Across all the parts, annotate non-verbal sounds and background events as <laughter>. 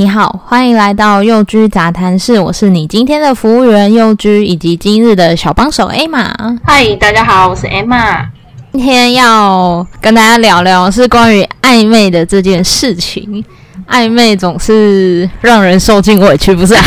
你好，歡迎來到祐 G 雜談室，我是你今天的服務員祐 G，以及今日的小幫手 Emma。嗨，大家好，我是 Emma，今天要跟大家聊聊是關於曖昧的這件事情。曖昧總是讓人受盡委屈，不是、啊？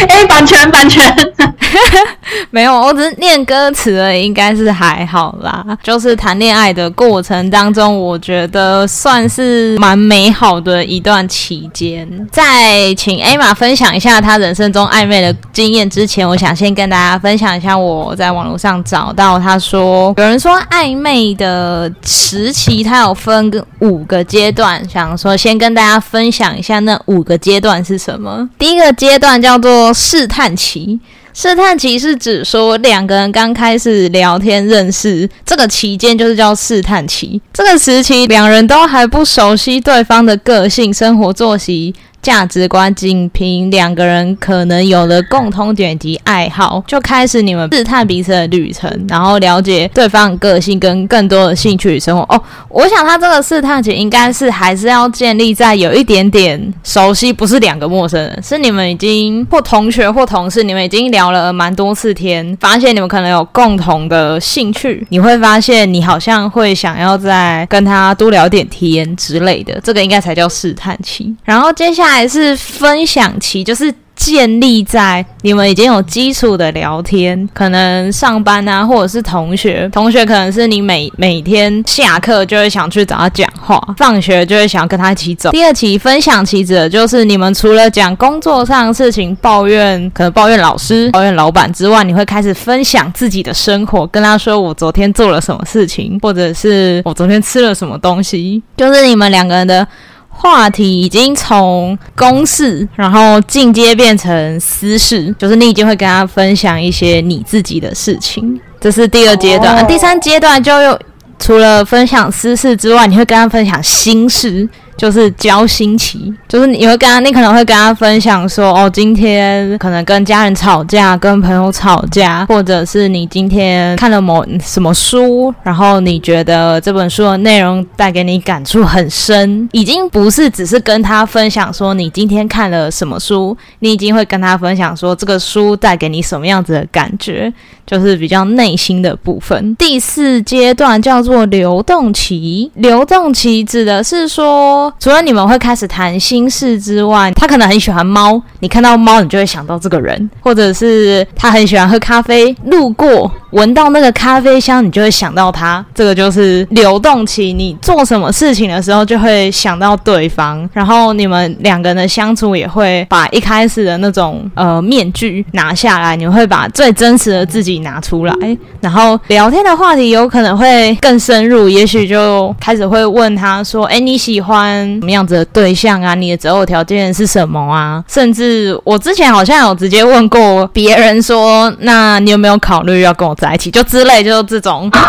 哎、 <laughs> 欸，版權，版權。 <laughs> 沒有，我、哦、只是念歌詞而已，應該是還好啦。就是談戀愛的過程當中，我覺得算是蠻美好的一段期間。在請 Emma 分享一下她人生中曖昧的經驗之前，我想先跟大家分享一下我在網絡上找到他說，有人說曖昧的時期，他有分五個階段，想說先跟大家分享一下那五個階段是什麼。第一個階段叫做試探期。試探期是指說兩個人剛開始聊天認識，這個期間就是叫試探期。這個時期，兩人都還不熟悉對方的個性、生活作息。價值觀，僅憑兩個人可能有了共同點及愛好，就開始你們試探彼此的旅程，然後了解對方個性跟更多的興趣與生活。哦，我想他這個試探期應該是還是要建立在有一點點熟悉，不是兩個陌生人，是你們已經或同學或同事，你們已經聊了蠻多次天，發現你們可能有共同的興趣，你會發現你好像會想要再跟他多聊點天之類的，這個應該才叫試探期。然後接下來。還是分享期，就是建立在你們已經有基礎的聊天，可能上班啊，或者是同學，同學可能是你每每天下課就會想去找他講話，放學就會想要跟他一起走。第二期分享期，指的就是你們除了講工作上的事情、抱怨，可能抱怨老師、抱怨老闆之外，你會開始分享自己的生活，跟他說我昨天做了什麼事情，或者是我昨天吃了什麼東西，就是你們兩個人的。話題已經從公事，然後進階變成私事，就是你已經會跟他分享一些你自己的事情。這是第二階段，第三階段就有除了分享私事之外，你會跟他分享心事。就是交心期，就是你會跟他，你可能會跟他分享說，哦，今天可能跟家人吵架，跟朋友吵架，或者是你今天看了某什麼書，然後你覺得這本書的內容帶給你感觸很深，已經不是只是跟他分享說你今天看了什麼書，你已經會跟他分享說這個書帶給你什麼樣子的感覺，就是比較內心的部分。第四階段叫做流動期，流動期指的是說……除了你們會開始談心事之外，他可能很喜歡貓，你看到貓，你就會想到這個人；或者是他很喜歡喝咖啡，路過聞到那個咖啡香，你就會想到他。這個就是流動期，你做什麼事情的時候就會想到對方，然後你們兩個人的相處也會把一開始的那種呃面具拿下來，你們會把最真實的自己拿出來，然後聊天的話題有可能會更深入，也許就開始會問他說：“哎，你喜歡？”什麼樣子的對象啊？你的擇偶條件是什麼啊？甚至我之前好像有直接問過別人說：“那你有沒有考慮要跟我在一起？”就之類，就這種、啊，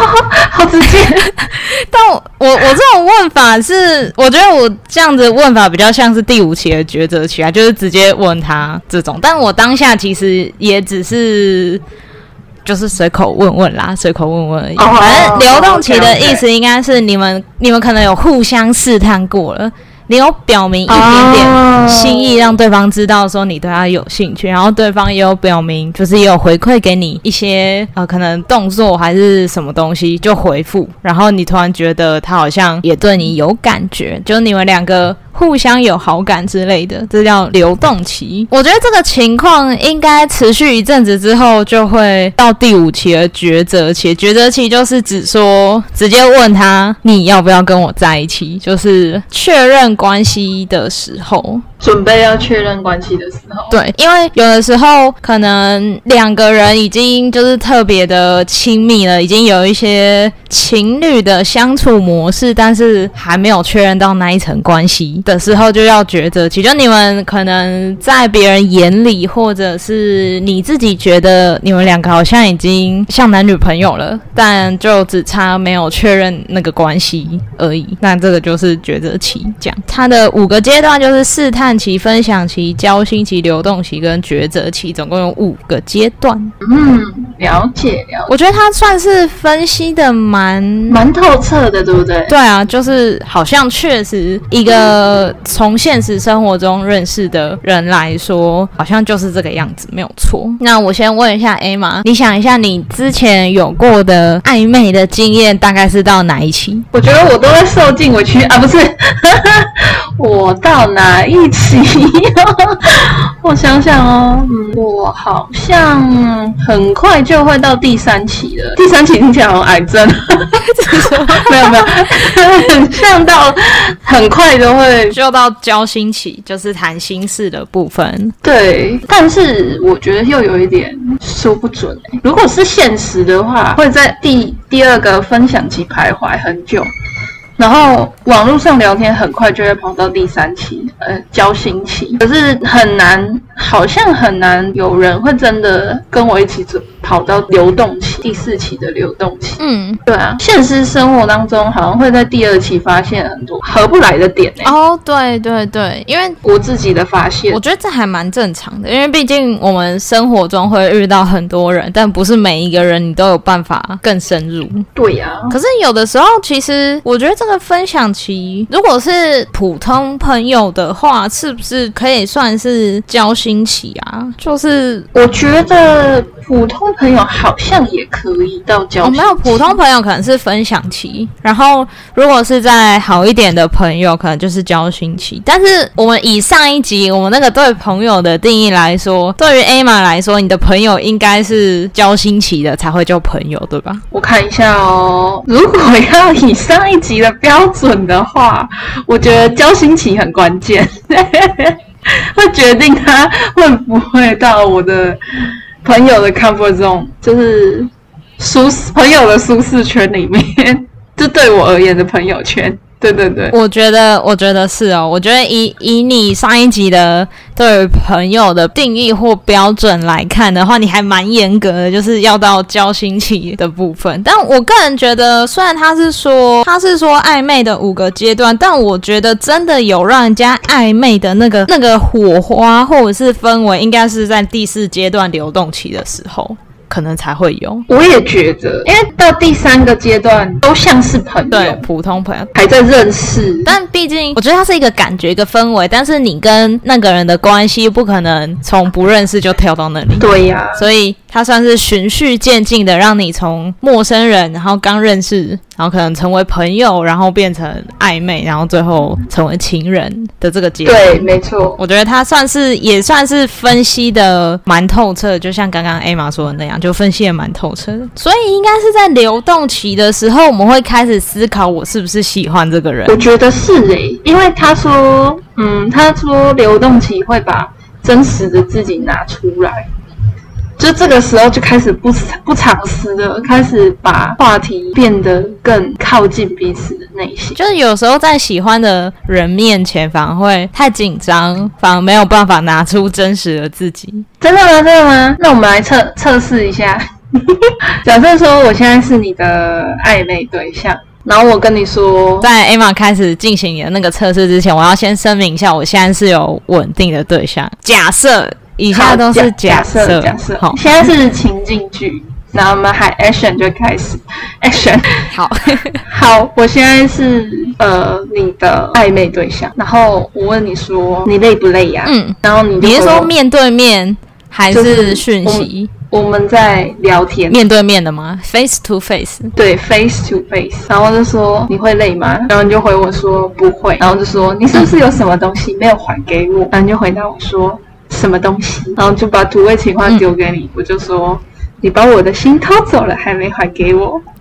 好直接。 <laughs> 但我我，我這種問法是，我覺得我這樣子的問法比較像是第五期的抉擇期啊，就是直接問他這種。但我當下其實也只是。就是隨口問問啦，隨口問問而已。Oh, 反正流動期的意思應該是你們，okay, okay. 你們可能有互相試探過了。你有表明一點點心意，讓對方知道說你對他有興趣，oh. 然後對方也有表明，就是也有回饋給你一些啊、oh. 呃，可能動作還是什麼東西就回復。然後你突然覺得他好像也對你有感覺，oh. 就你們兩個。互相有好感之類的，這叫流動期。我覺得這個情況應該持續一陣子之後，就會到第五期的抉擇期。抉擇期就是指說直接問他，你要不要跟我在一起，就是確認關係的時候。準備要確認關係的時候，對，因為有的時候可能兩個人已經就是特別的親密了，已經有一些情侶的相處模式，但是還沒有確認到那一層關係的時候，就要抉擇期。就你們可能在別人眼裡，或者是你自己覺得你們兩個好像已經像男女朋友了，但就只差沒有確認那個關係而已。那這個就是抉擇期，這樣。他的五個階段就是試探期分享期、交心期、流動期跟抉擇期，總共有五個階段。嗯，了解了解。我覺得他算是分析得蠻蠻透徹的，對不對？對啊，就是好像確實一個從現實生活中認識的人來說，好像就是這個樣子，沒有錯。那我先問一下 Emma，你想一下你之前有過的曖昧的經驗，大概是到哪一期？我覺得我都會受盡委屈啊，不是。 <laughs> 我到哪一期？ <laughs> 我想想哦，我好像很快就會到第三期了。第三期聽起來好癌症， <laughs> 是嗎 <laughs> 沒有沒有，很 <laughs> 像到很快就會就到交心期，就是談心事的部分。對，但是我覺得又有一點說不準，欸。如果是現實的話，會在第第二個分享期徘徊很久。然後網絡上聊天很快就會跑到第三期，呃，交心期，可是很難，好像很難有人會真的跟我一起走。跑到流動期，第四期的流動期。嗯，對啊，現實生活當中好像會在第二期發現很多合不來的點呢，欸。哦，oh，對對對，因為我自己的發現，我覺得這還蠻正常的，因為畢竟我們生活中會遇到很多人，但不是每一個人你都有辦法更深入。對呀，啊，可是有的時候，其實我覺得這個分享期，如果是普通朋友的話，是不是可以算是交心期啊？就是我覺得。普通朋友好像也可以到交，我沒有普通朋友，可能是分享期。然後，如果是在好一點的朋友，可能就是交心期。但是，我們以上一集我們那個對朋友的定義來說，對於 Emma 來說，你的朋友應該是交心期的才會叫朋友，對吧？我看一下哦。如果要以上一集的標準的話，我覺得交心期很關鍵， <laughs> 會決定他會不會到我的。朋友的 comfort zone，就是舒適朋友的舒適圈裡面，就對我而言的朋友圈。對對對，我覺得我覺得是哦，我覺得以以你上一集的對朋友的定義或標準來看的話，你還蠻嚴格的，就是要到交心期的部分。但我個人覺得，雖然他是說他是說曖昧的五個階段，但我覺得真的有讓人家曖昧的那個那個火花或者是氛圍，應該是在第四階段流動期的時候。可能才會有，我也覺得，因為到第三個階段都像是朋友，對，普通朋友還在認識，但畢竟我覺得它是一個感覺，一個氛圍，但是你跟那個人的關係不可能從不認識就跳到那裡，對呀、啊，所以。他算是循序漸進的，讓你從陌生人，然後剛認識，然後可能成為朋友，然後變成曖昧，然後最後成為情人的這個結果。對，沒錯。我覺得他算是也算是分析的蠻透徹，就像剛剛艾瑪說的那樣，就分析的蠻透徹。所以應該是在流動期的時候，我們會開始思考我是不是喜歡這個人。我覺得是哎、欸，因為他說，嗯，他說流動期會把真實的自己拿出來。就這個時候就開始不不常試的，開始把話題變得更靠近彼此的內心。就是有時候在喜歡的人面前，反而會太緊張，反而沒有辦法拿出真實的自己。真的嗎？真的嗎？那我們來測測試一下。 <laughs> 假設說我現在是你的曖昧對象，然後我跟你說，在 Emma 開始進行你的那個測試之前，我要先聲明一下，我現在是有穩定的對象。假設。以下都是假設，假設。假假好。現在是情境劇，然後我們喊 action 就開始 action。好，好，我現在是呃你的曖昧對象，然後我問你說你累不累呀？嗯，然後你別說面對面還是訊息？就是我們，我們在聊天，面對面的嗎？Face to face？對，face to face，然後就說你會累嗎？然後你就回我說不會。然後就說你是不是有什麼東西沒有還給我？然後你就回答我說。什麼東西？然後就把土味情話丟給你，嗯、我就說你把我的心偷走了，還沒還給我。 <laughs>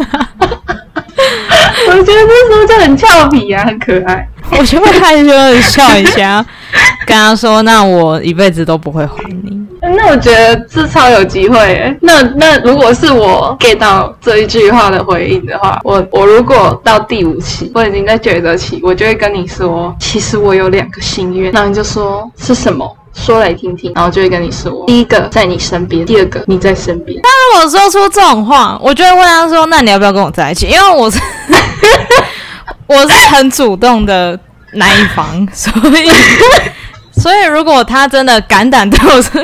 <laughs> 我覺得那時候就很俏皮啊，很可愛。我就會害羞的笑一下， <laughs> 跟他說：“那我一輩子都不會還你。”那我覺得是超有機會欸。那那如果是我 get 到這一句話的回應的話，我我如果到第五期，我已經在抉擇期，我就會跟你說，其實我有兩個心願，那你就說是什麼，說來聽聽，然後就會跟你說，第一個在你身邊，第二個你在身邊。當我說出這種話，我就會問他說，那你要不要跟我在一起？因為我是， <laughs> <laughs> 我是很主動的那一方，所以。 <laughs> 所以，如果他真的敢膽對我說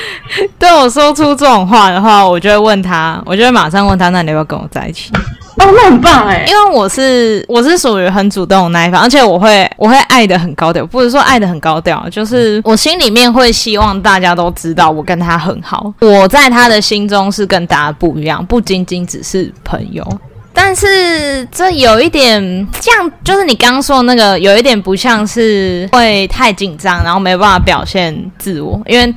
<laughs> 對我說出這種話的話，我就會問他，我就會馬上問他，那你要不要跟我在一起？哦，那很棒欸。因為我是我是屬於很主動的那一方，而且我會我會愛的很高調，不是說愛的很高調，就是我心裡面會希望大家都知道我跟他很好，我在他的心中是跟大家不一樣，不僅僅只是朋友。但是這有一點像，就是你剛說的那個，有一點不像是會太緊張，然後沒辦法表現自我，因為。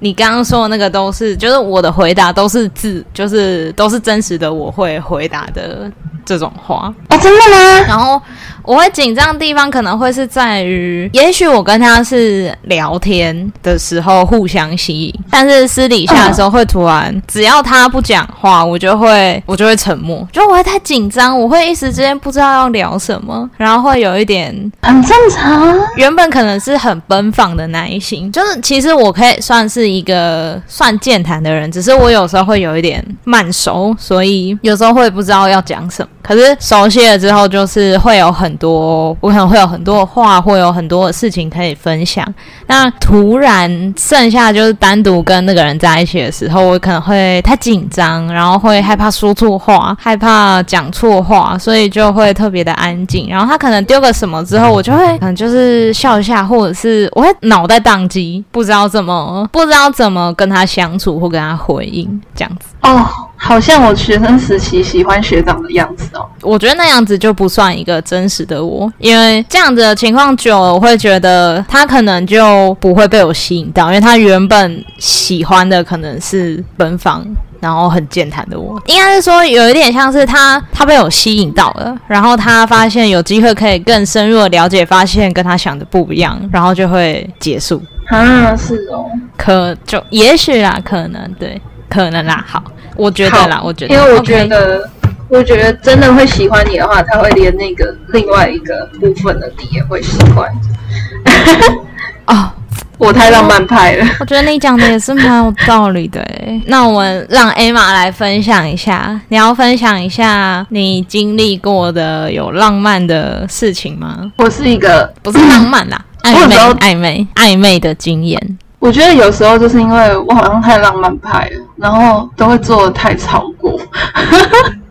你剛剛說的那個都是，就是我的回答都是字，就是都是真實的，我會回答的這種話啊，真的嗎？然後我會緊張的地方可能會是在於，也許我跟他是聊天的時候互相吸引，但是私底下的時候會突然，只要他不講話，我就會我就會沉默，就我會太緊張，我會一時之間不知道要聊什麼，然後會有一點很正常。原本可能是很奔放的那一型，就是其實我可以算是。一個算健談的人，只是我有時候會有一點慢熟，所以有時候會不知道要講什麼。可是熟悉了之後，就是會有很多，我可能會有很多話，會有很多的事情可以分享。那突然剩下就是單獨跟那個人在一起的時候，我可能會太緊張，然後會害怕說錯話，害怕講錯話，所以就會特別的安靜。然後他可能丟個什麼之後，我就會可能就是笑一下，或者是我會腦袋當機，不知道怎麼，不知道。要怎麼跟他相處或跟他回應這樣子哦，oh, 好像我學生時期喜歡學長的樣子哦。我覺得那樣子就不算一個真實的我，因為這樣子的情況久了，我會覺得他可能就不會被我吸引到，因為他原本喜歡的可能是奔放，然後很健談的我，應該是說有一點像是他，他被我吸引到了，然後他發現有機會可以更深入的了解，發現跟他想的不一樣，然後就會結束。啊，是哦，可就也許啦，可能對，可能啦。好，我覺得啦，好我覺得，因為我覺得，OK 我覺得真的會喜歡你的話，他會連那個另外一個部分的你也會喜歡。 <laughs> 就 <laughs> 哦。我太浪漫派了，哦，我覺得你講的也是蠻有道理的，欸。 <laughs> 那我們讓 Emma 來分享一下，你要分享一下你經歷過的有浪漫的事情嗎？我是一個，不是浪漫啦，曖昧、嗯、曖昧曖昧的經驗。我覺得有時候就是因為我好像太浪漫派了，然後都會做得太超過。 <laughs>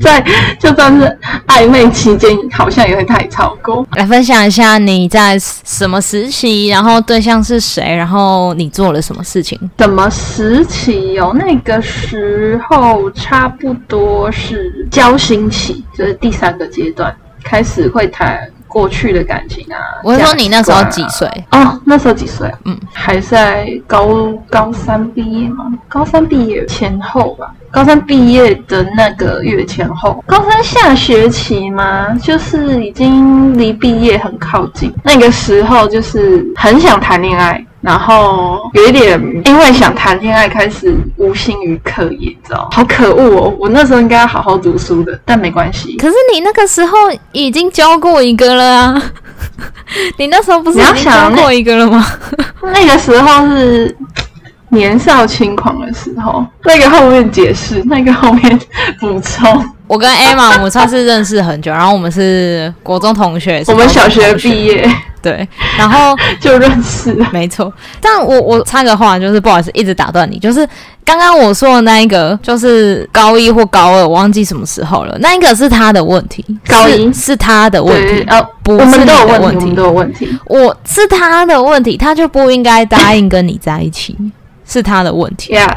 在 <laughs> 就算是曖昧期間，好像也會太超過。來分享一下你在什麼時期，然後對象是誰，然後你做了什麼事情？什麼時期哦？那個時候差不多是交心期，就是第三個階段開始會談。過去的感情啊，我說你那時候幾歲、啊？啊啊、哦，那時候幾歲、啊？嗯，還在高高三畢業嗎？高三畢業前後吧，高三畢業的那個月前後，高三下學期嘛，就是已經離畢業很靠近。那個時候就是很想談戀愛。然後有一點，因為想談戀愛，開始無心於課業，你知道嗎？好可惡哦！我那時候應該要好好讀書的，但沒關係。可是你那個時候已經交過一個了啊！ <laughs> 你那時候不是已經交過一個了嗎？那，那個時候是年少輕狂的時候。 <laughs> 那個後面解釋，那個後面補充。我跟 Emma， <laughs> 我算是認識很久，然後我們是國中同學，同學我們小學畢業。對，然後就認識，沒錯。但我我插個話，就是不好意思，一直打斷你。就是剛剛我說的那一個，就是高一或高二，我忘記什麼時候了。那一個是他的問題，高一是，是他的問題，對呃，不是的，我們都有問題，我們都有問題。我是他的問題，他就不應該答應跟你在一起， <laughs> 是他的問題。Yeah，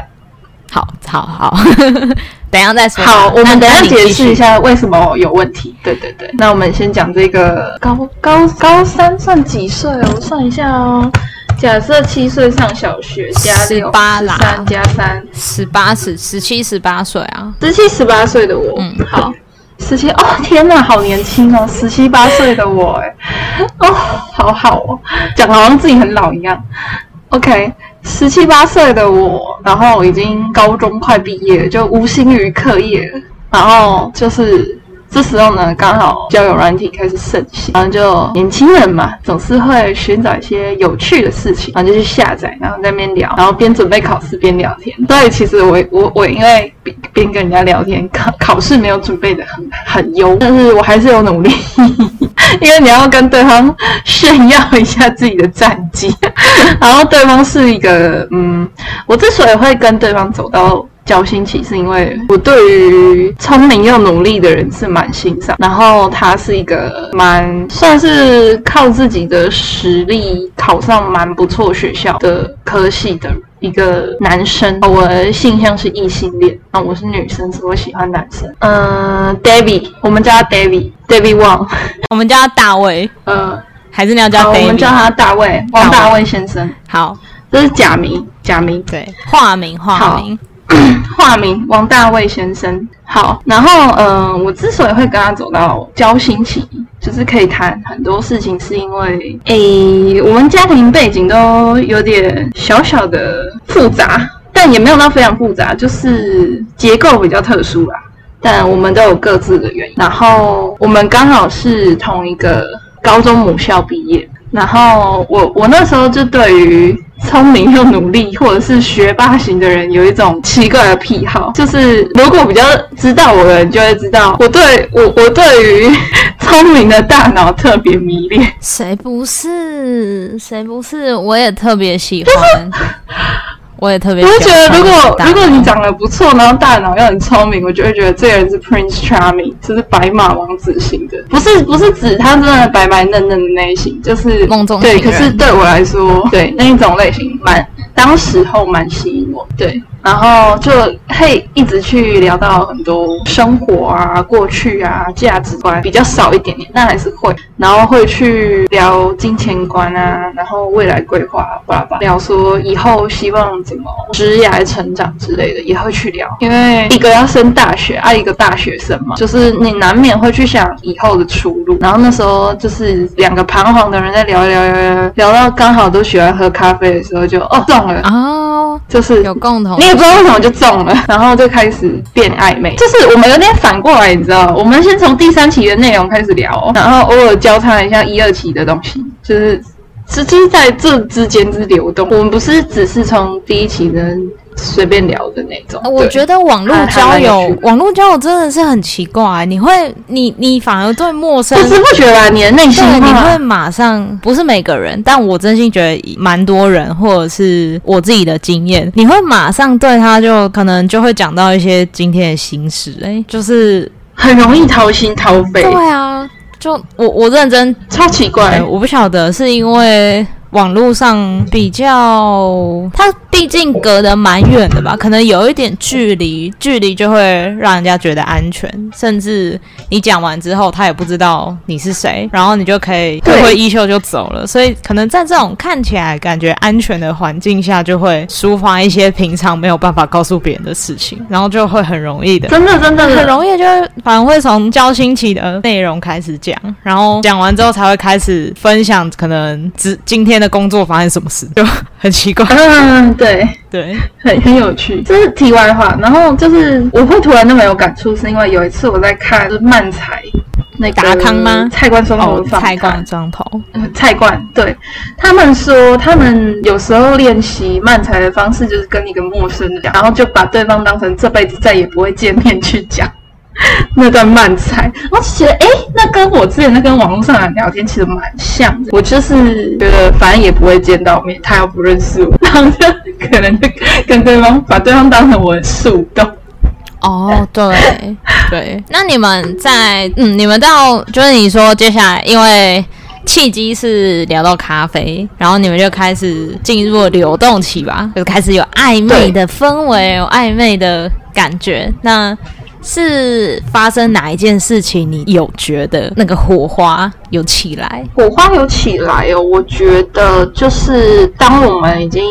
好好好。好好 <laughs> 等下再說。好，我們等一下解釋一下為什麼有問題。對對對，那我們先講這個高高高三算幾歲，哦？我算一下哦。假設七歲上小學加 6, 啦，加十八，三加三，十八十十七十八歲啊！十七十八歲的我，嗯，好，十七哦，天哪，好年輕哦，十七八歲的我， <laughs> 哦，好好，哦。講的好像自己很老一樣。OK。十七八歲的我，然後已經高中快畢業，就無心於課業，然後就是。這時候呢，剛好交友軟體開始盛行，然後就年輕人嘛，總是會尋找一些有趣的事情，然後就去下載，然後在那邊聊，然後邊準備考試邊聊天。對，其實我我我因為邊邊跟人家聊天，考考試沒有準備的很很優，但是我還是有努力， <laughs> 因為你要跟對方炫耀一下自己的戰績。然後對方是一個嗯，我之所以會跟對方走到。交新奇，是因為我對於聰明又努力的人是蠻欣賞。然後他是一個蠻算是靠自己的實力考上蠻不錯學校的科系的一個男生。我的性向是異性戀，那、啊、我是女生，所以我喜歡男生。嗯、呃、，David，我們叫他 David，David David Wang，我們叫他大衛。嗯、呃，還是你要叫好 David。我們叫他大衛，王大衛先生。好，好，這是假名，假名對，化名，化名。化 <coughs> 名王大衛先生，好。然後，嗯、呃，我之所以會跟他走到交心期，就是可以談很多事情，是因為，誒，我們家庭背景都有點小小的複雜，但也沒有到非常複雜，就是結構比較特殊啦。但我們都有各自的原因，然後我們剛好是同一個高中母校畢業。然後我我那時候就對於聰明又努力或者是學霸型的人有一種奇怪的癖好，就是如果比較知道我的人就會知道我對我我對於聰明的大腦特別迷戀。誰不是？誰不是？我也特別喜歡。我也特別，我就覺得，覺得如果大腦，如果你長得不錯，然後大腦又很聰明，我就會覺得這個人是 Prince Charming，就是白馬王子型的。不是不是指他真的白白嫩嫩的類型，就是夢中情人。對，可是對我來說，嗯、對那一種類型蠻，蠻當時候蠻吸引我。對。然後就嘿，一直去聊到很多生活啊、過去啊、價值觀比較少一點點，但還是會，然後會去聊金錢觀啊，然後未來規劃、啊，巴拉巴聊說以後希望怎麼職業成長之類的，也會去聊。因為一個要升大學，愛、啊、一個大學生嘛，就是你難免會去想以後的出路。然後那時候就是兩個彷徨的人在聊，聊，聊，聊，聊，到剛好都喜歡喝咖啡的時候就，就哦撞了啊。就是有共同，你也不知道為什麼就中了，然後就開始變曖昧。就是我們有點反過來，你知道，我們先從第三期的內容開始聊，然後偶爾交叉一下一二期的東西，就是就是在這之間之流動。我們不是只是從第一期的。隨便聊的那種，呃、我覺得網絡交友，網絡交友真的是很奇怪欸。你會，你你反而對陌生人不是不覺得、啊、你內心的你會馬上不是每個人，但我真心覺得蠻多人，或者是我自己的經驗，你會馬上對他就可能就會講到一些今天的心事，哎、欸，就是很容易掏心掏肺。對啊，就我我認真，真，超奇怪，欸欸，我不曉得是因為。網絡上比較，他畢竟隔得蠻遠的吧，可能有一點距離，距離就會讓人家覺得安全，甚至你講完之後，他也不知道你是誰，然後你就可以揮揮衣袖就走了。對所以可能在這種看起來感覺安全的環境下，就會抒發一些平常沒有辦法告訴別人的事情，然後就會很容易的，真的真的很容易，就會反而會從交心期的內容開始講，然後講完之後才會開始分享可能只今天。那工作發生什麼事就很奇怪，嗯、呃，對對，很很有趣。這、就是題外話，然後就是我會突然那麼有感觸，是因為有一次我在看就是漫才，那個、達康嗎？蔡冠周嗎？蔡、哦、冠周。頭蔡、嗯、冠對他們說，他們有時候練習漫才的方式，就是跟一個陌生人講，然後就把對方當成這輩子再也不會見面去講。 <laughs> 那段漫才，我覺得，哎，那跟我之前那跟網絡上的聊天其實蠻像的。我就是覺得，反正也不會見到面，他又不認識我，然後就可能就跟對方把對方當成我的樹洞。哦、oh，對對。 <laughs> 那你們在，嗯，你們到就是你說接下來，因為契機是聊到咖啡，然後你們就開始進入了流動期吧，就開始有曖昧的氛圍，對有曖昧的感覺。那。是發生哪一件事情？你有覺得那個火花有起來？火花有起來哦，我覺得就是當我們已經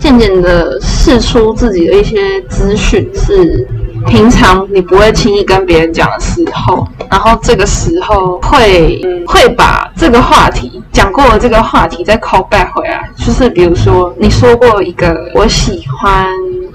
漸漸的釋出自己的一些資訊，是平常你不會輕易跟別人講的時候，然後這個時候會、嗯、會把這個話題講過的這個話題再 call back 回來，就是比如說你說過一個我喜歡。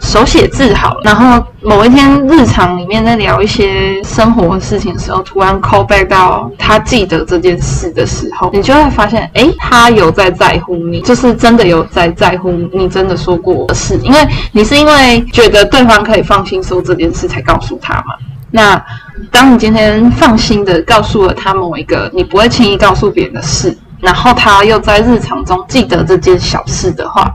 手寫字好了，然後某一天日常裡面在聊一些生活的事情的時候，突然 call back 到他記得這件事的時候，你就會發現，誒、欸，他有在在乎你，就是真的有在在乎你真的說過的事，因為你是因為覺得對方可以放心說這件事才告訴他嘛。那當你今天放心的告訴了他某一個你不會輕易告訴別人的事，然後他又在日常中記得這件小事的話。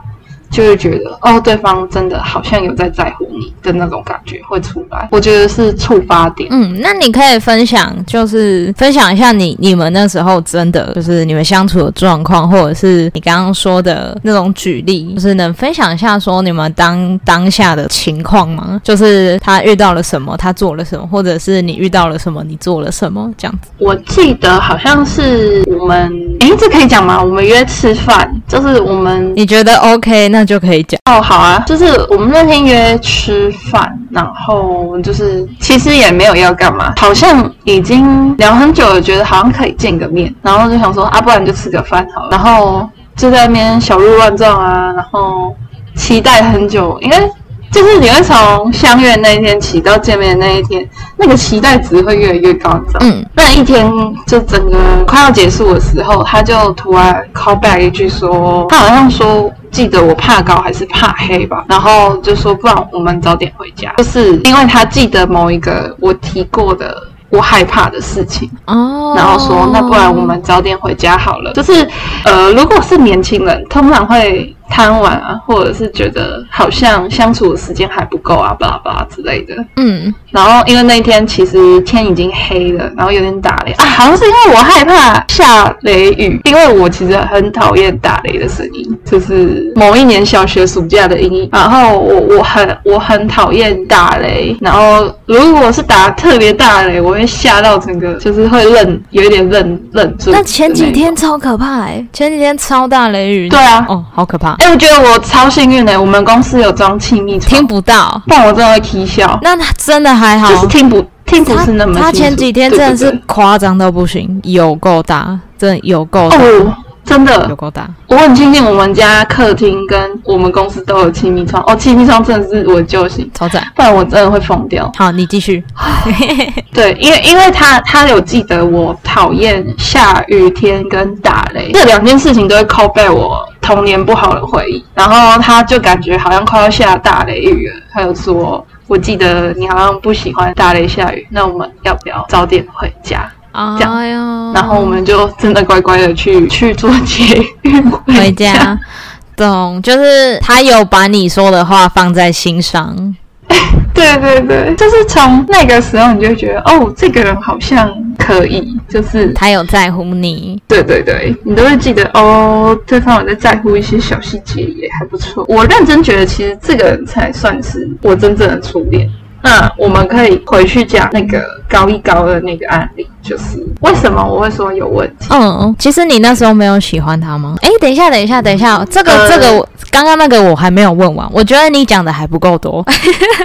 就會覺得哦，對方真的好像有在在乎你的那種感覺會出來，我覺得是觸發點。嗯，那你可以分享，就是分享一下你你們那時候真的就是你們相處的狀況，或者是你剛剛說的那種舉例，就是能分享一下說你們當當下的情況嗎？就是他遇到了什麼，他做了什麼，或者是你遇到了什麼，你做了什麼這樣子。我記得好像是我們，哎，這可以講嗎？我們約吃飯，就是我們，嗯，你覺得 OK 那？那就可以講哦，好啊，就是我們那天約吃飯，然後就是其實也沒有要幹嘛，好像已經聊很久了，覺得好像可以見個面，然後就想說啊，不然就吃個飯好了，然後就在那邊小鹿亂撞啊，然後期待很久，因為。就是你會從相約那一天起到見面那一天，那個期待值會越來越高。嗯，那一天就整個快要結束的時候，他就突然 call back 一句說，他好像說記得我怕高還是怕黑吧，然後就說不然我們早點回家。就是因為他記得某一個我提過的我害怕的事情，哦，然後說那不然我們早點回家好了。就是呃，如果是年輕人，通常會。貪玩啊，或者是覺得好像相處的時間還不夠啊，巴拉巴拉之類的。嗯。然後因為那一天其實天已經黑了，然後有點打雷啊，好像是因為我害怕下雷雨，因為我其實很討厭打雷的聲音，就是某一年小學暑假的陰影。然後我我很我很討厭打雷，然後如果是打特別大雷，我會嚇到整個，就是會愣，有一點愣愣住。但前幾天超可怕哎、欸，前幾天超大雷雨。對啊，哦，好可怕。哎、欸，我覺得我超幸運嘞、欸！我們公司有裝氣密窗，聽不到，但我真的會啼笑。那他真的還好，就是聽不聽不是那麼他。他前幾天真的是誇張到不行，對不對，有夠大，真的有夠大。哦真的有夠大！我很慶幸我們家客廳跟我們公司都有氣密窗哦，氣密窗真的是我的救星，超贊宰，不然我真的會瘋掉。好，你繼續。 <laughs> <laughs> 對，因為因為他他有記得我討厭下雨天跟打雷，這兩件事情都會 call back 我童年不好的回憶。然後他就感覺好像快要下大雷雨了，他就說：“我記得你好像不喜歡打雷下雨，那我們要不要早點回家？”啊，哎、呦然後我們就真的乖乖的去去做節回家。樣懂，就是他有把你說的話放在心上。哎、對對對，就是從那個時候，你就會覺得哦，這個人好像可以，就是他有在乎你。對對對，你都會記得哦，對方有在在乎一些小細節，也還不錯。我認真覺得，其實這個人才算是我真正的初戀。那、嗯、我們可以回去講那個高一高二那個案例，就是為什麼我會說有問題。嗯嗯，其實你那時候沒有喜歡他嗎？哎、欸，等一下，等一下，等一下，這個，嗯、這個我。剛剛那個我還沒有問完，我覺得你講的還不夠多。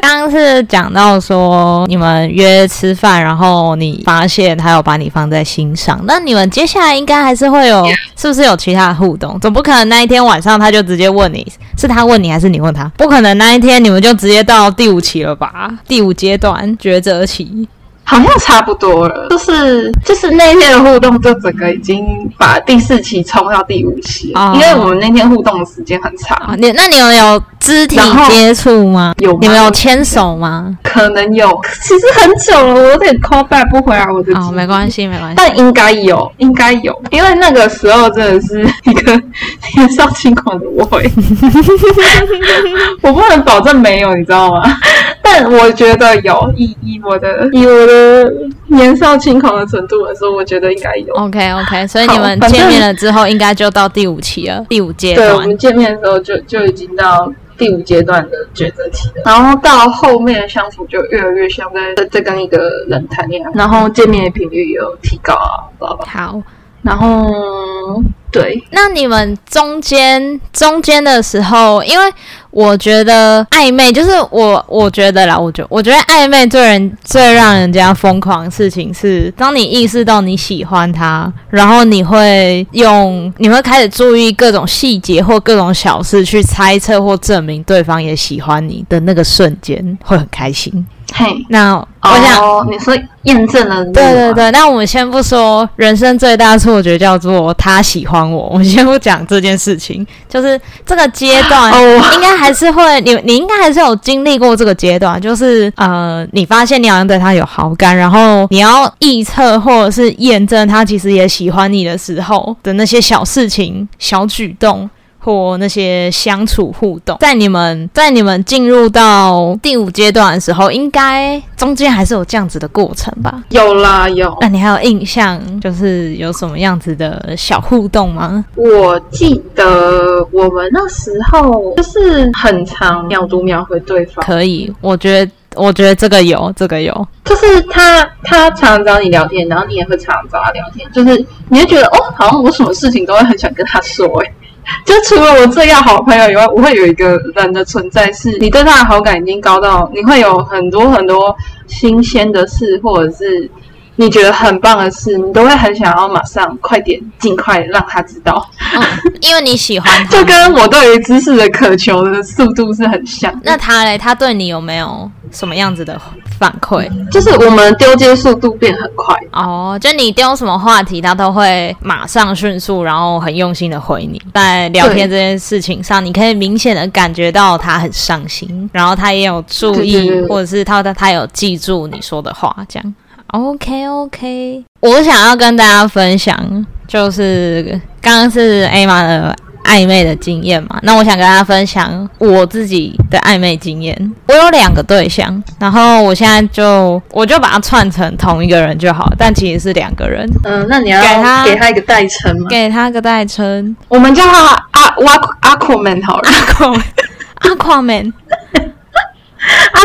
剛 <laughs> 剛是講到說你們約吃飯，然後你發現他有把你放在心上，那你們接下來應該還是會有，是不是有其他的互動？總不可能那一天晚上他就直接問你，是？他問你還是你問他？不可能。那一天你們就直接到第五期了吧？第五階段抉擇期。好像差不多了，就是就是那天的互動，就整個已經把第四期衝到第五期了，哦、因為我們那天互動的時間很長。哦、你那你有有肢體接觸嗎？有嗎，你們有牽手嗎？可能有，其實很久了，我有點 call back 不回來，我的。哦，沒關係，沒關係。但應該有，應該有，因為那個時候真的是一個年少輕狂的我， <laughs> <laughs> <laughs> 我不能保證沒有，你知道嗎？但我覺得有意義，以以我的以我的年少輕狂的程度來說，我覺得應該有。OK OK，所以你們好見面了之後，應該就到第五期了， <laughs> 第五階段。對，我們見面的時候就就已經到第五階段的抉擇期了。然後到後面的相處就越來越像在在跟一個人談戀愛，然後見面的頻率也有提高啊，好，好，好然後。對，那你們中間中間的時候，因為我覺得曖昧，就是我我覺得啦，我就我覺得曖昧最人最讓人家瘋狂的事情是，當你意識到你喜歡他，然後你會用你會開始注意各種細節或各種小事去猜測或證明對方也喜歡你的那個瞬間，會很開心。嘿，hey, 那我想哦，你說驗證了對對對，那我們先不說人生最大錯覺叫做他喜歡我，我們先不講這件事情，就是這個階段應該還是會、oh. 你你應該還是有經歷過這個階段，就是呃，你發現你好像對他有好感，然後你要臆測或者是驗證他其實也喜歡你的時候的那些小事情、小舉動。或那些相處互動，在你們在你們進入到第五階段的時候，應該中間還是有這樣子的過程吧？有啦，有。那你還有印象，就是有什麼樣子的小互動嗎？我記得我們那時候就是很常秒讀秒回對方。可以，我覺得我覺得這個有，這個有。就是他他常常找你聊天，然後你也會常常找他聊天。就是你會覺得哦，好像我什麼事情都會很想跟他說，欸。就除了我最要好的朋友以外，我會有一個人的存在，是你對他的好感已經高到，你會有很多很多新鮮的事，或者是你覺得很棒的事，你都會很想要馬上快點儘快讓他知道，哦，因為你喜歡他。 <laughs> 就跟我對於知識的渴求的速度是很像。那他嘞？他對你有沒有？什麼樣子的反饋？就是我們丟接速度變很快哦，oh, 就你丟什麼話題，他都會馬上迅速，然後很用心的回你。在聊天這件事情上，對你可以明顯的感覺到他很上心，然後他也有注意，對對對對，或者是他他有記住你說的話，這樣。OK OK，我想要跟大家分享，就是剛剛是艾瑪的，曖昧的經驗嘛，那我想跟大家分享我自己的曖昧經驗。我有兩個對象，然後我現在就我就把它串成同一個人就好，但其實是兩個人。嗯，那你要給他給他一個代稱嗎？給他個代稱，我們叫他阿哇 Aquaman 好了 Aquaman Aquaman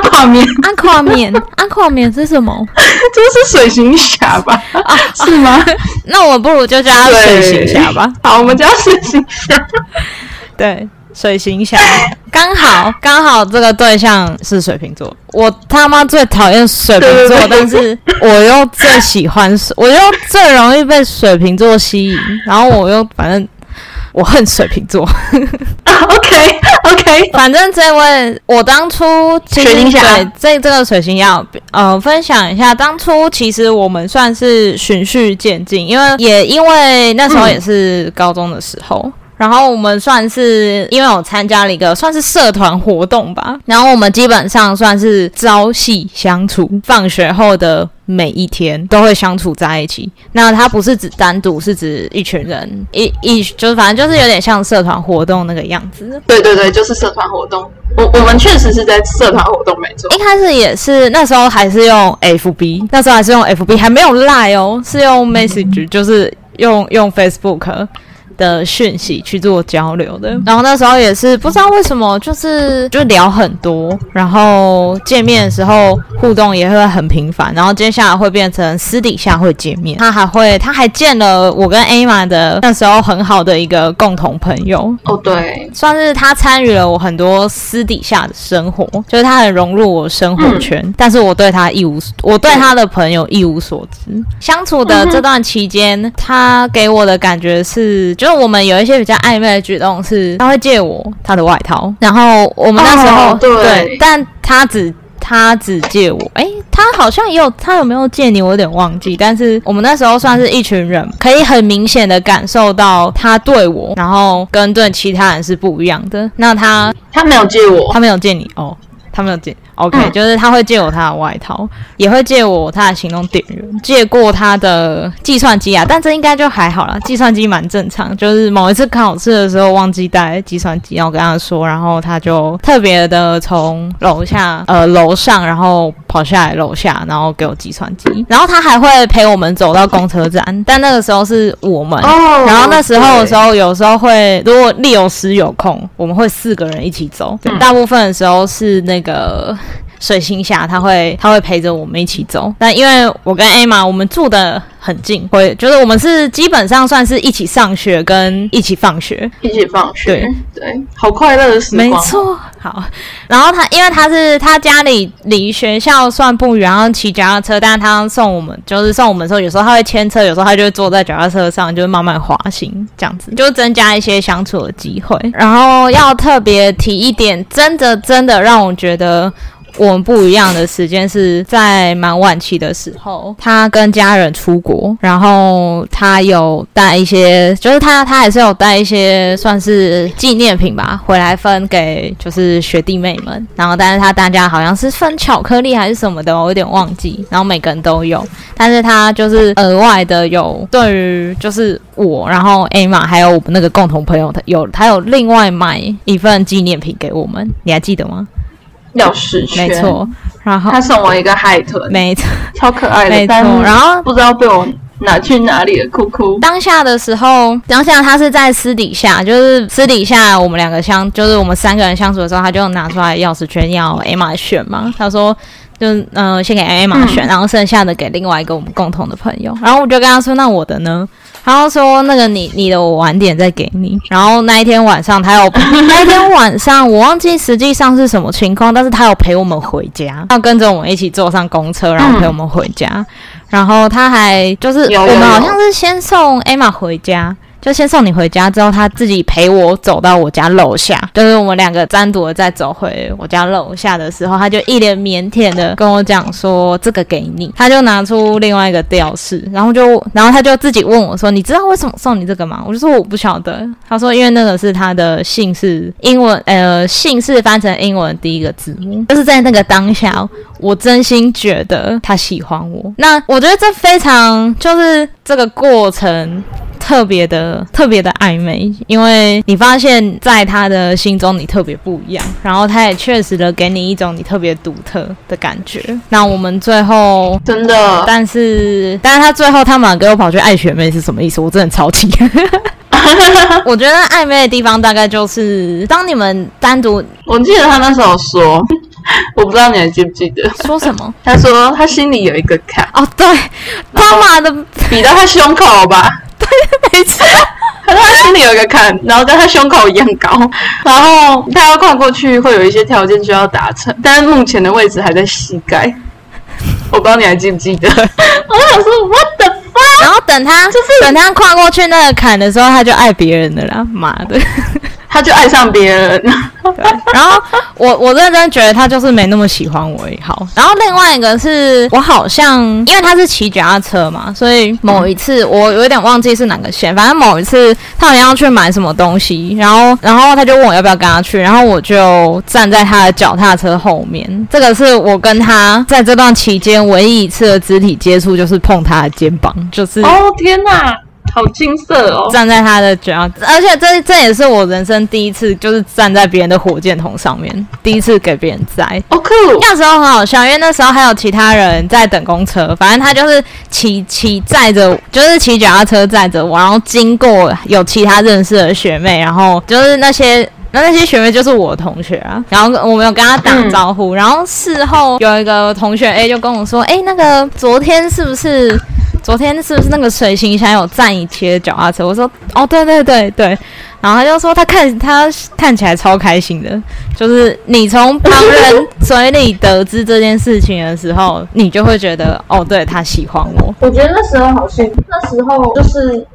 Aquaman，Aquaman，Aquaman 是什麼？這是水行俠吧？啊，是嗎？那我不如就叫他水行俠吧。好，我們叫水行俠。 <laughs> 對，水行俠， <laughs> 剛好剛好這個對象是水瓶座。 <laughs> 我他媽最討厭水瓶座，對對，但是我又最喜歡，我又最容易被水瓶座吸引。 <laughs> 然後我又反正。我恨水瓶座。 <laughs> uh, OK OK，反正這位我當初其實水瓶下對這這個水星要呃分享一下，當初其實我們算是循序漸進，因為也因為那時候也是高中的時候，嗯、然後我們算是因為我參加了一個算是社團活動吧，然後我們基本上算是朝夕相處，放學後的。每一天都會相處在一起。那它不是指單獨，是指一群人，一一就是反正就是有點像社團活動那個樣子。對對對，就是社團活動。我我們確實是在社團活動，沒錯。一開始也是那時候還是用 FB，那時候還是用 FB，還沒有 Line 哦，是用 Message，、嗯嗯、就是用用 Facebook。的訊息去做交流的，然後那時候也是不知道為什麼，就是就聊很多，然後見面的時候互動也會很頻繁，然後接下來會變成私底下會見面。他還會，他還見了我跟 Emma 的那時候很好的一個共同朋友。哦，對，算是他參與了我很多私底下的生活，就是他很融入我生活圈，但是我對他一無，我對他的朋友一無所知。相處的這段期間，他給我的感覺是就。那我們有一些比較曖昧的舉動是，他會借我他的外套，然後我們那時候對，但他只他只借我，哎，他好像也有，他有沒有借你？我有點忘記。但是我們那時候算是一群人，可以很明顯的感受到他對我，然後跟對其他人是不一樣的。那他他沒有借我，他沒有借你哦？他沒有借。O.K.、Oh. 就是他會借我他的外套，也會借我他的行動電源，借過他的計算機啊，但這應該就還好啦，計算機蠻正常。就是某一次考試的時候忘記帶計算機，然後跟他說，然後他就特別的從樓下，呃，樓上，然後跑下來樓下，然後給我計算機。然後他還會陪我們走到公車站， <laughs> 但那個時候是我們。Oh, 然後那時候的時候，okay. 有時候會，如果利友師有空，我們會四個人一起走。對嗯、大部分的時候是那個。水星俠他會他會陪着我們一起走，但因為我跟艾 m a 我們住的很近，我覺得我們是基本上算是一起上學跟一起放學，一起放學，對,對好快樂的時光，沒錯。好，然後他因為他是他家裡離學校算不遠，然後騎腳踏車，但是他送我們就是送我們的時候，有時候他會牽車，有時候他就會坐在腳踏車上，就是、慢慢滑行這樣子，就增加一些相處的機會。然後要特別提一點，真的真的讓我覺得。我們不一樣的時間是在蠻晚期的時候，他跟家人出國，然後他有帶一些，就是他他還是有帶一些算是紀念品吧，回來分給就是學弟妹們。然後但是他大家好像是分巧克力還是什麼的，我有點忘記。然後每個人都有，但是他就是額外的有對於就是我，然後 Emma 還有我們那個共同朋友，他有他有另外買一份紀念品給我們，你還記得嗎？鑰匙沒錯。然後他送我一個海豚，沒錯，超可愛的。然後錯不知道被我拿去哪裡了，哭哭。當下的時候，當下他是在私底下，就是私底下我們兩個相，就是我們三個人相處的時候，他就拿出來鑰匙圈要 m 瑪選嘛。他說，就嗯、呃，先給 m 瑪選，嗯、然後剩下的給另外一個我們共同的朋友。然後我就跟他說：“那我的呢？”然後說那個你，你的我晚點再給你。然後那一天晚上他有 <laughs> 那一天晚上我忘記實際上是什麼情況，但是他有陪我們回家，要跟着我們一起坐上公車，然後陪我們回家。嗯、然後他還就是我們好像是先送艾瑪 m a 回家。就先送你回家，之後他自己陪我走到我家樓下，就是我們兩個單獨的在走回我家樓下的時候，他就一臉腼腆的跟我講說：“這個給你。”他就拿出另外一個吊飾，然後就，然後他就自己問我說：“你知道為什麼送你這個嗎？”我就說：“我不曉得。”他說：“因為那個是他的姓氏英文，呃，姓氏翻成英文的第一個字母。”就是在那個當下，我真心覺得他喜歡我。那我覺得這非常就是這個過程。特別的特別的曖昧，因為你發現在他的心中你特別不一樣，然後他也確實的給你一種你特別獨特的感覺。那我們最後真的，但是但是他最後他馬哥又跑去愛學妹是什麼意思？我真的超氣！我覺得曖昧的地方大概就是當你們單獨，我記得他那時候說，我不知道你還記不記得說什麼？他說他心裡有一個坎哦，對，他媽的比到他胸口吧。 <laughs> 對，沒錯，他他心裡有一個坎，然後在他胸口一樣高，然後他要跨過去，會有一些條件需要達成，但目前的位置還在膝蓋。我不知道你還記不記得？ <laughs> 我想說，what the fuck！然後等他就是等他跨過去那個坎的時候，他就愛別人的啦，媽的。 <laughs> 他就愛上別人， <laughs> 對，然後我我認真覺得他就是沒那麼喜歡我也好。然後另外一個是我好像，因為他是騎腳踏車嘛，所以某一次我有點忘記是哪個縣，反正某一次他好像要去買什麼東西，然後然後他就問我要不要跟他去，然後我就站在他的腳踏車後面。這個是我跟他在這段期間唯一一次的肢體接觸，就是碰他的肩膀，就是哦天哪！好金色哦！站在他的腳踏，而且這這也是我人生第一次，就是站在別人的火箭筒上面，第一次給別人摘。哦，酷！那時候很好笑，因為那時候還有其他人在等公車，反正他就是騎騎載着，就是騎腳踏車載着我，然後經過有其他認識的學妹，然後就是那些那那些學妹就是我同學啊，然後我沒有跟他打招呼，嗯、然後事後有一個同學 A 就跟我說：“哎、欸，那個昨天是不是？”昨天是不是那個水星想要站一貼腳踏車？我說哦，對對對對，然後他就說他看他看起來超開心的，就是你從旁人嘴裡得知這件事情的時候，你就會覺得哦，對他喜歡我。我覺得那時候好幸福，那時候就是。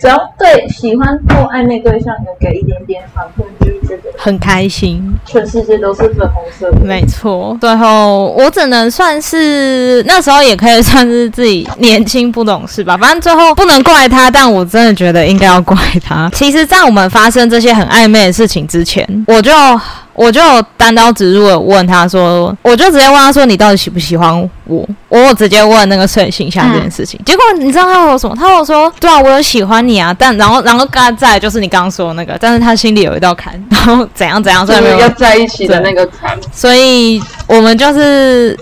只要對喜歡做曖昧對象的給一點點反饋，這個，就是覺得很開心。全世界都是粉紅色的，沒錯。最後我只能算是那時候，也可以算是自己年輕不懂事吧。反正最後不能怪他，但我真的覺得應該要怪他。其實，在我們發生這些很曖昧的事情之前，我就……我就單刀直入的問他說，我就直接問他說，你到底喜不喜歡我？我有直接問那個攝影形象這件事情。啊、結果你知道他說什麼？他有說，對啊，我有喜歡你啊，但然後然後剛才在就是你剛剛說的那個，但是他心裡有一道坎，然後怎樣怎樣，所以要在一起的那個坎。對 <laughs> 所以我們就是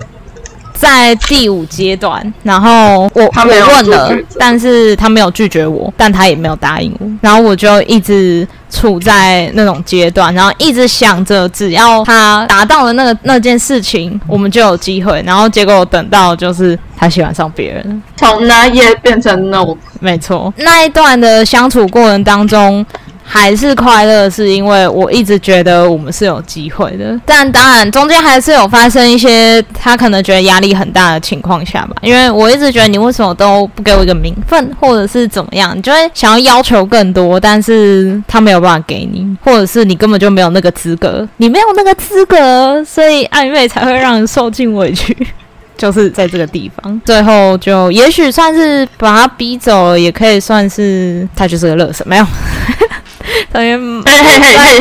在第五階段，然後我我問了，但是他沒有拒絕我，但他也沒有答應我，然後我就一直。處在那種階段，然後一直想着，只要他達到了那個那件事情，我們就有機會。然後結果等到就是他喜歡上別人，從 yes 變成 “no”，沒錯。那一段的相處過程當中。還是快樂，是因為我一直覺得我們是有機會的。但當然，中間還是有發生一些他可能覺得壓力很大的情況下吧。因為我一直覺得你為什麼都不給我一個名分，或者是怎麼樣，你就會想要要求更多，但是他沒有辦法給你，或者是你根本就沒有那個資格，你沒有那個資格，所以曖昧才會讓人受盡委屈，就是在這個地方。最後就也許算是把他逼走，也可以算是他就是個樂色。沒有。 <laughs> 等於，嘿、欸、嘿嘿嘿嘿，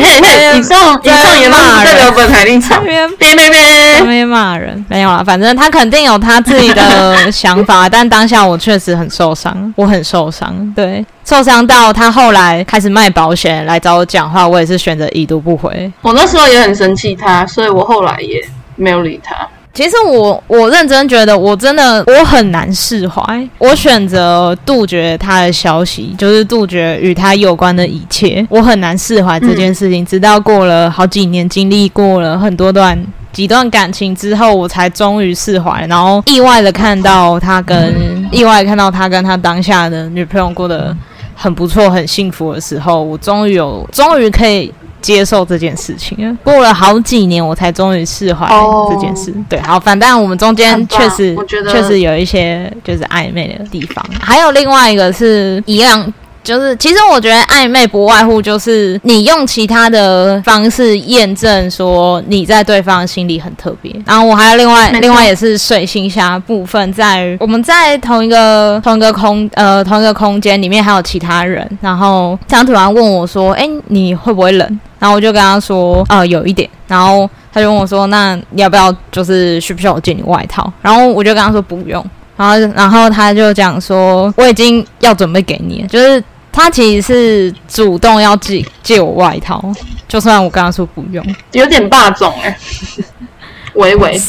以上以上也罵人，這個人台罵、欸欸、人，沒有啦，反正他肯定有他自己的想法， <laughs> 但當下我確實很受傷，我很受傷，對，受傷到他後來開始賣保險來找我講話，我也是選擇已讀不回，我那時候也很生氣他，所以我後來也沒有理他。其實我我認真覺得，我真的我很難釋懷。我選擇杜絕他的消息，就是杜絕與他有關的一切。我很難釋懷這件事情，直到過了好幾年，經歷過了很多段幾段感情之後，我才終於釋懷。然後意外的看到他跟意外看到他跟他當下的女朋友過得很不錯、很幸福的時候，我終於有，終於可以。接受這件事情了，過了好幾年我才終於釋懷這件事。Oh. 對，好，反正我們中間確實，確實有一些就是曖昧的地方。還有另外一個是一樣，就是其實我覺得曖昧不外乎就是你用其他的方式驗證說你在對方心裡很特別。然後我還有另外，另外也是水星下部分，在於我們在同一個同一個空呃同一個空間裡面還有其他人。然後張子凡問我說：“哎，你會不會冷？”然後我就跟他說：“呃，有一點。”然後他就問我說：“那要不要？就是需不需要我借你外套？”然後我就跟他說：“不用。”然後，然後他就講說：“我已經要準備給你了。”就是他其實是主動要借借我外套，就算我跟他說不用，有點霸總哎、欸， <laughs> 微微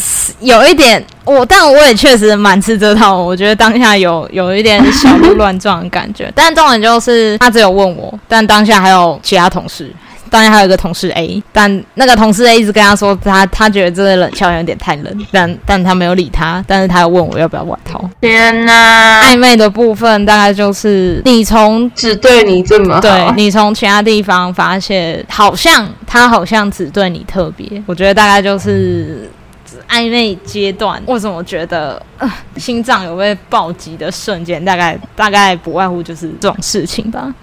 有一點我，但我也確實蠻吃這套。我覺得當下有有一點小鹿亂撞的感覺， <laughs> 但重點就是他只有問我，但當下還有其他同事。當然還有一個同事 A，但那個同事 A 一直跟他說他，他他覺得這個冷笑話有點太冷，但但他沒有理他，但是他又問我要不要外套。天哪！曖昧的部分大概就是你從只對你這麼好。對，你從其他地方發現好像他好像只對你特別，我覺得大概就是曖昧階段。我怎麼覺得，呃，心臟有被暴擊的瞬間？大概大概不外乎就是這種事情吧。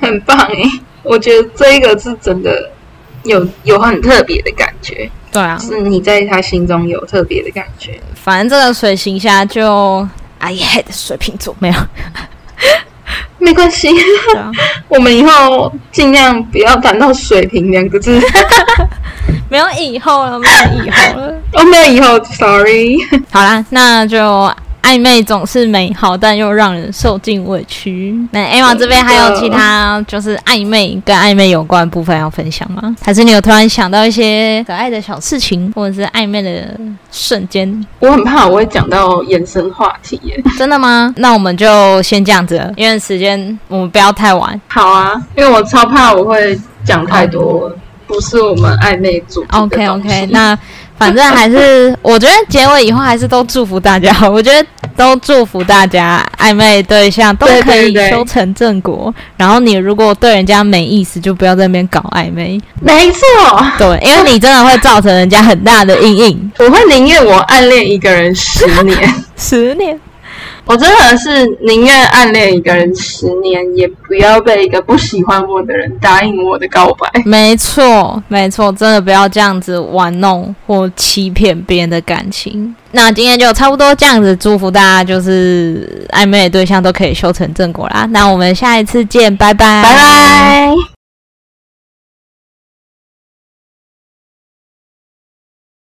很棒耶。我覺得這一個是真的有有很特別的感覺，對啊，是你在他心中有特別的感覺。反正這個水星蝦就哎呀，I hate 水瓶座，沒有，沒關係，啊、我們以後盡量不要談到水瓶兩個字， <laughs> 沒有以後了，沒有以後了，哦， <laughs> 沒有以後，sorry。好啦，那就。曖昧總是美好，但又讓人受盡委屈。那 Emma 這邊還有其他就是曖昧跟曖昧有關部分要分享嗎？還是你有突然想到一些可愛的小事情，或者是曖昧的瞬間？我很怕我會講到延伸話題耶。真的嗎？那我們就先這樣子了，因為時間我們不要太晚。好啊，因為我超怕我會講太多，oh. 不是我們曖昧主題的。OK OK，那。反正還是，我覺得結尾以後還是都祝福大家。我覺得都祝福大家，曖昧對象都可以修成正果。然後你如果對人家沒意思，就不要在那邊搞曖昧。沒錯，對，因為你真的會造成人家很大的陰影。我會寧願我暗戀一個人十年， <laughs> 十年。我真的是寧願暗戀一個人十年，也不要被一個不喜歡我的人答應我的告白。沒錯，沒錯，真的不要這樣子玩弄或欺騙別人的感情。那今天就差不多這樣子，祝福大家，就是曖昧的對象都可以修成正果啦。那我們下一次見，拜拜，拜拜。